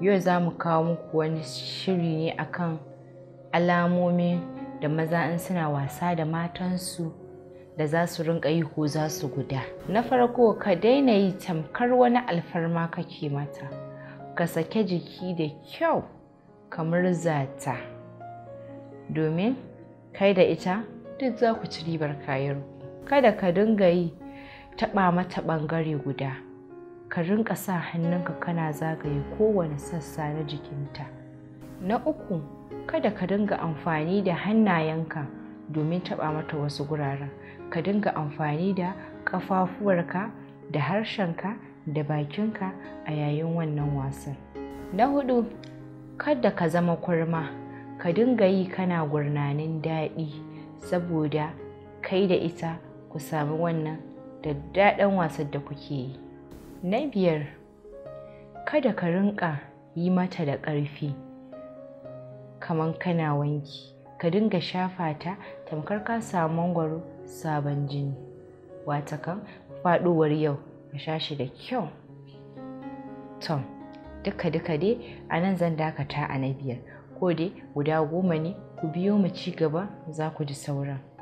yau za mu kawo muku wani shiri ne akan alamomi da maza in suna wasa da matansu da za su rinka yi ko za su guda na farko ka daina yi tamkar wani alfarma kake mata ka sake jiki da kyau kamar zata domin kai da ita duk za ku ci ribar kayan kada ka dinga yi taɓa mata ɓangare guda ka rinka sa hannunka kana zagaye kowane sassa na jikinta na uku kada ka dinga amfani da hannayenka domin taɓa mata wasu guraren ka dinga amfani da ƙafafuwarka da harshenka da bakinka a yayin wannan wasan na hudu kada ka zama kurma ka dinga yi kana gurnanin daɗi saboda kai da ita ku sami wannan da daɗin wasan da kuke yi na biyar kada ka rinka yi mata da ƙarfi kamar kana wanki ka dinga shafa ta tamkar ka samu mangwaro sabon jini watakan faɗuwar yau ka sha shi da kyau tom duka duka dai a nan zan dakata a na biyar ko dai guda goma ne ku biyo mu ci gaba za ku ji sauran